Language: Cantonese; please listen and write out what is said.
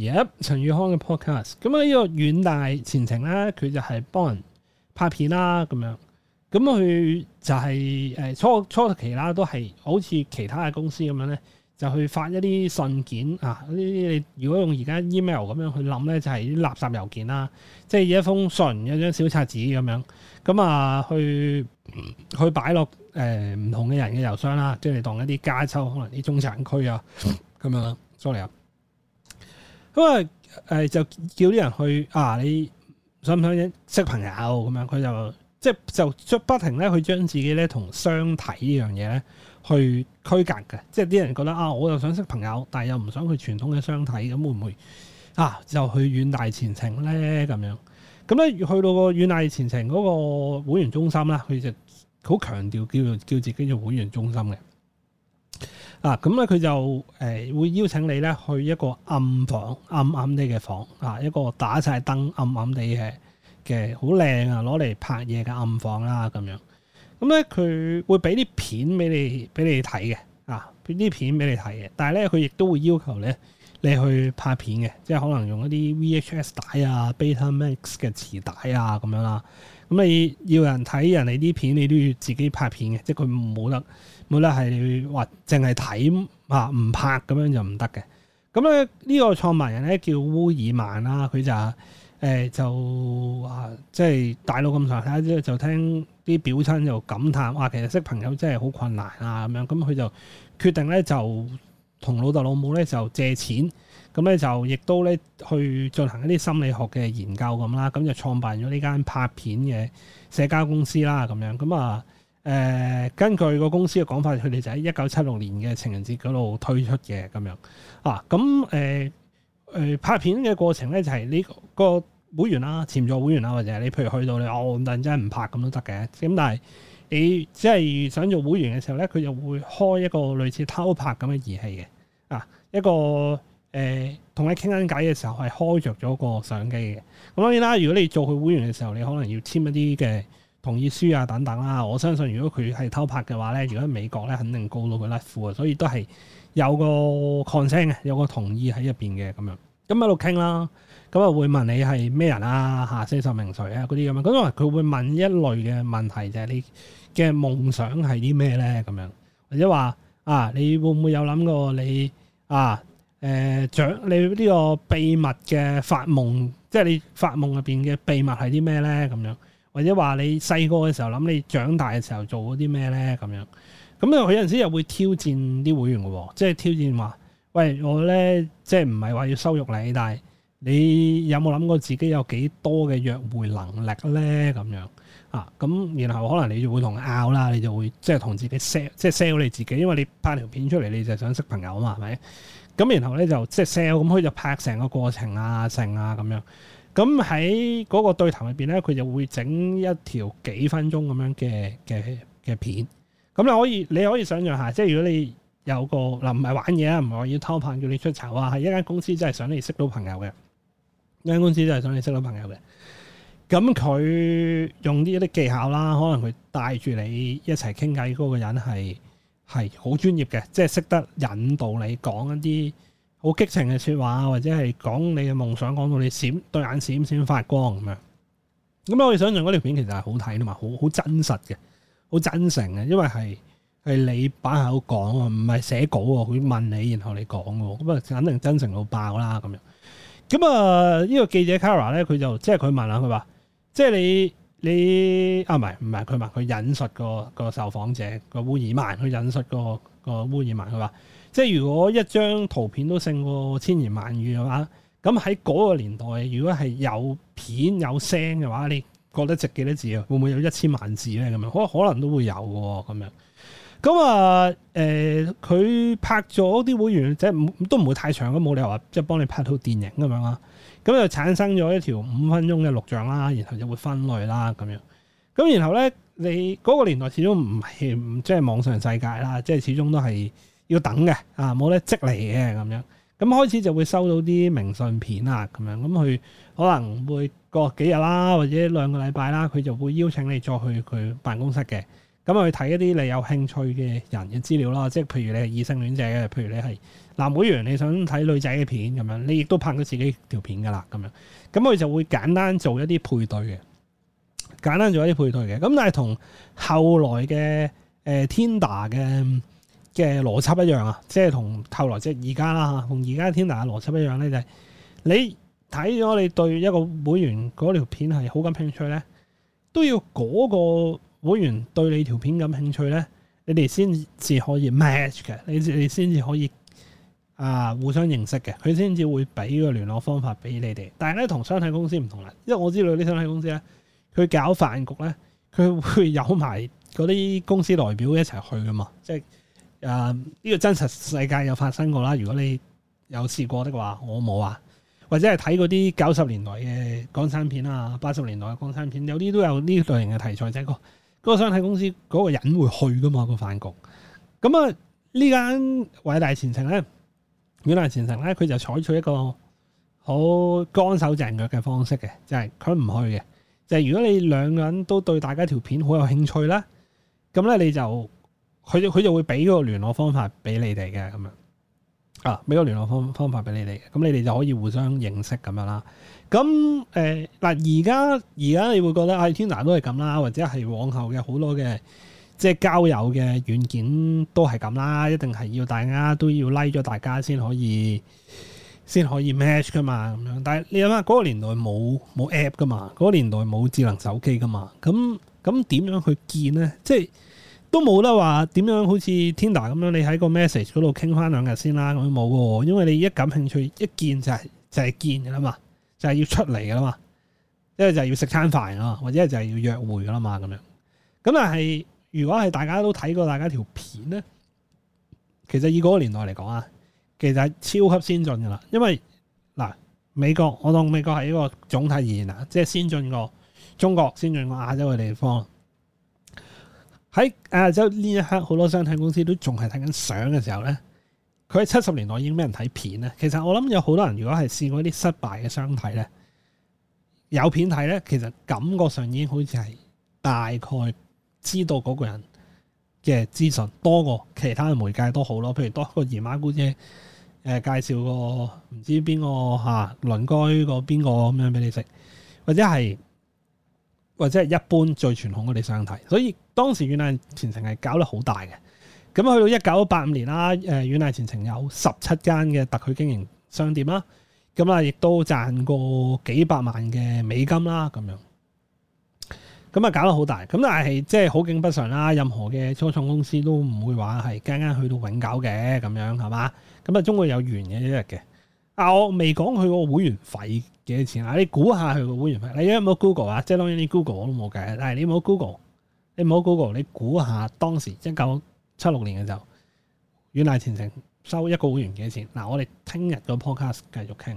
而陳、yep, 陳宇康嘅 podcast，咁啊呢個遠大前程咧，佢就係幫人拍片啦，咁樣，咁佢就係、是、初初期啦，都係好似其他嘅公司咁樣咧，就去發一啲信件啊，嗰啲你如果用而家 email 咁樣去諗咧，就係、是、啲垃圾郵件啦，即、就、係、是、一封信，一張小冊子咁樣，咁啊去去擺落唔、呃、同嘅人嘅郵箱啦，即係當一啲街抽，可能啲中產區啊，咁、嗯、樣啦、啊、，sorry 啊。咁啊、嗯，就叫啲人去啊，你想唔想識朋友咁樣？佢就即係就不停咧去將自己咧同相睇呢樣嘢咧去區隔嘅。即係啲人覺得啊，我又想識朋友，但係又唔想去傳統嘅相睇，咁會唔會啊？就去遠大前程咧咁樣。咁、嗯、咧去到個遠大前程嗰個會員中心啦，佢就好強調叫叫自己做會員中心嘅。啊，咁咧佢就誒、呃、會邀請你咧去一個暗房，暗暗啲嘅房，啊，一個打晒燈，暗暗啲嘅嘅好靚啊，攞嚟拍嘢嘅暗房啦咁樣。咁咧佢會俾啲片俾你俾你睇嘅，啊，俾啲片俾你睇嘅，但係咧佢亦都會要求咧。你去拍片嘅，即係可能用一啲 VHS 帶啊、Betamax 嘅磁帶啊咁樣啦。咁你要人睇人哋啲片，你都要自己拍片嘅，即係佢冇得冇得係你話淨係睇啊唔拍咁樣就唔得嘅。咁、嗯、咧、這個、呢個創辦人咧叫烏爾曼啦，佢就誒、呃、就話即係大佬咁上下，之就聽啲表親就感嘆，哇！其實識朋友真係好困難啊咁樣。咁佢就決定咧就。同老豆老母咧就借錢，咁咧就亦都咧去進行一啲心理學嘅研究咁啦，咁就創辦咗呢間拍片嘅社交公司啦，咁樣咁啊，誒根據個公司嘅講法，佢哋就喺一九七六年嘅情人節嗰度推出嘅咁樣啊，咁誒誒拍片嘅過程咧就係你個會員啦，潛在會員啊，或者你譬如去到你哦突然真係唔拍咁都得嘅，但係，你只係想做會員嘅時候咧，佢就會開一個類似偷拍咁嘅儀器嘅，啊一個誒同、呃、你傾緊偈嘅時候係開着咗個相機嘅。咁當然啦，如果你做佢會員嘅時候，你可能要簽一啲嘅同意書啊等等啦。我相信如果佢係偷拍嘅話咧，如果喺美國咧，肯定告到佢甩褲啊。所以都係有個 consent，有個同意喺入邊嘅咁樣。咁喺度傾啦，咁啊、嗯嗯、會問你係咩人啊？下四十名誰啊？嗰啲咁樣，咁、嗯、佢會問一類嘅問題係、就是、你嘅夢想係啲咩咧？咁樣或者話啊，你會唔會有諗過你啊？誒、長、你呢個秘密嘅發夢，即、就、係、是、你發夢入面嘅秘密係啲咩咧？咁樣或者話你細個嘅時候諗，你長大嘅時候做嗰啲咩咧？咁樣咁啊，佢、嗯嗯、有陣時又會挑戰啲會員嘅喎，即係挑戰話。喂，我咧即係唔係話要羞辱你，但係你有冇諗過自己有幾多嘅約會能力咧？咁樣啊，咁、嗯、然後可能你就會同佢拗啦，你就會即係同自己 sell，即係 sell 你自己，因為你拍條片出嚟你就想識朋友啊嘛，係咪？咁、嗯、然後咧就即係 sell，咁佢就拍成個過程啊，性啊咁樣。咁喺嗰個對談入面咧，佢就會整一條幾分鐘咁樣嘅嘅嘅片。咁、嗯、你可以你可以想象下，即係如果你。有個嗱，唔係玩嘢啊，唔係話要偷拍要你出醜啊，係一間公司真係想你識到朋友嘅，一間公司真係想你識到朋友嘅。咁佢用呢一啲技巧啦，可能佢帶住你一齊傾偈嗰個人係係好專業嘅，即係識得引導你講一啲好激情嘅說話，或者係講你嘅夢想，講到你閃對眼閃閃發光咁樣。咁我哋想象嗰條片其實係好睇噶嘛，好好真實嘅，好真誠嘅，因為係。係你把口講喎，唔係寫稿，佢問你，然後你講嘅，咁啊，肯定真誠到爆啦咁樣。咁啊，呢、呃呢個記者 Kara 咧，佢就即係佢問下，佢話：即係你你啊，唔係唔係佢問佢引述、嗰個、嗰個受訪者、嗰個烏爾曼，佢引述、嗰個、嗰個烏爾曼，佢話：即係如果一張圖片都勝過千言萬語嘅話，咁喺嗰個年代，如果係有片有聲嘅話，你覺得值幾多字啊？會唔會有一千萬字咧？咁樣可可能都會有嘅，咁樣咁啊？誒，佢、呃、拍咗啲會員，即係都唔會太長，都冇理由話即係幫你拍套電影咁樣啦。咁就產生咗一條五分鐘嘅錄像啦，然後就會分類啦，咁樣。咁然後咧，你嗰、那個年代始終唔係，即、就、係、是、網上世界啦，即係始終都係要等嘅，啊，冇得即嚟嘅咁樣。咁開始就會收到啲明信片啊，咁樣咁佢可能會過幾日啦，或者兩個禮拜啦，佢就會邀請你再去佢辦公室嘅，咁去睇一啲你有興趣嘅人嘅資料啦。即係譬如你係異性戀者嘅，譬如你係男會員，你想睇女仔嘅片咁樣，你亦都拍咗自己條片㗎喇，咁樣。咁佢就會簡單做一啲配對嘅，簡單做一啲配對嘅。咁但係同後來嘅誒、呃、Tinder 嘅嘅邏輯一樣啊，即係同透來即係而家啦嚇，同而家 Tinder 嘅邏輯一樣咧，就係、是、你睇咗你對一個會員嗰條片係好感興趣咧，都要嗰個會員對你條片感興趣咧，你哋先至可以 match 嘅，你你先至可以啊互相認識嘅，佢先至會俾個聯絡方法俾你哋。但係咧，同商體公司唔同啦，因為我知道啲商體公司咧，佢搞飯局咧，佢會有埋嗰啲公司代表一齊去噶嘛，即係。誒呢、嗯這個真實世界有發生過啦！如果你有試過的話，我冇啊。或者係睇嗰啲九十年代嘅港產片啊，八十年代嘅港產片，有啲都有呢類型嘅題材啫。就是、個嗰個製片公司嗰個人會去噶嘛？那個飯局。咁啊，呢間偉大前程咧，偉大前程咧，佢就採取一個好乾手淨腳嘅方式嘅，就係佢唔去嘅。就係、是、如果你兩人都對大家條片好有興趣啦，咁咧你就。佢就佢就會俾嗰個聯絡方法俾你哋嘅咁樣，啊，俾個聯絡方方法俾你哋，咁你哋就可以互相認識咁樣啦。咁誒嗱，而家而家你會覺得啊、Tinder 都係咁啦，或者係往後嘅好多嘅即係交友嘅軟件都係咁啦，一定係要大家都要 like 咗大家先可以先可以 match 噶嘛，咁樣。但係你諗下嗰個年代冇冇 app 噶嘛，嗰、嗰個年代冇智能手機噶嘛，咁咁點樣去見呢？即係。都冇得話點樣好似 Tinder 咁樣，你喺個 message 嗰度傾翻兩日先啦，咁冇嘅，因為你一感興趣一見就係就係見噶啦嘛，就係要出嚟噶啦嘛，因為一係就係要食餐飯啊，或者就係要約會噶啦嘛，咁樣。咁但係如果係大家都睇過大家條片咧，其實以嗰個年代嚟講啊，其實係超級先進噶啦，因為嗱，美國我當美國係一個總體而言啊，即係先進過中國，先進過亞洲嘅地方。喺亞洲呢一刻，好多相睇公司都仲係睇緊相嘅時候咧，佢喺七十年代已經俾人睇片咧，其實我諗有好多人如果係試過啲失敗嘅相睇咧，有片睇咧，其實感覺上已經好似係大概知道嗰個人嘅資訊多過其他嘅媒介都好咯。譬如多一個姨媽姑姐、呃、介紹個唔知邊個嚇鄰居個邊個咁樣俾你食，或者係。或者係一般最傳統，我哋上睇，所以當時遠大前程係搞得好大嘅。咁去到一九八五年啦，誒遠大前程有十七間嘅特許經營商店啦，咁啊亦都賺過幾百萬嘅美金啦，咁樣。咁啊搞得好大，咁但係即係好景不常啦。任何嘅初創公司都唔會話係間間去到永久嘅，咁樣係嘛？咁啊總會有完嘅一日嘅。啊，我未講佢個會員費。幾多錢啊？你估下佢個會員費。你而家有冇 Google 啊，即係當然你 Google 我都冇計，但係你冇 Google，你冇 Google，你估下當時一九七六年嘅時候，遠大前程收一個會員幾多錢？嗱，我哋聽日個 podcast 繼續傾。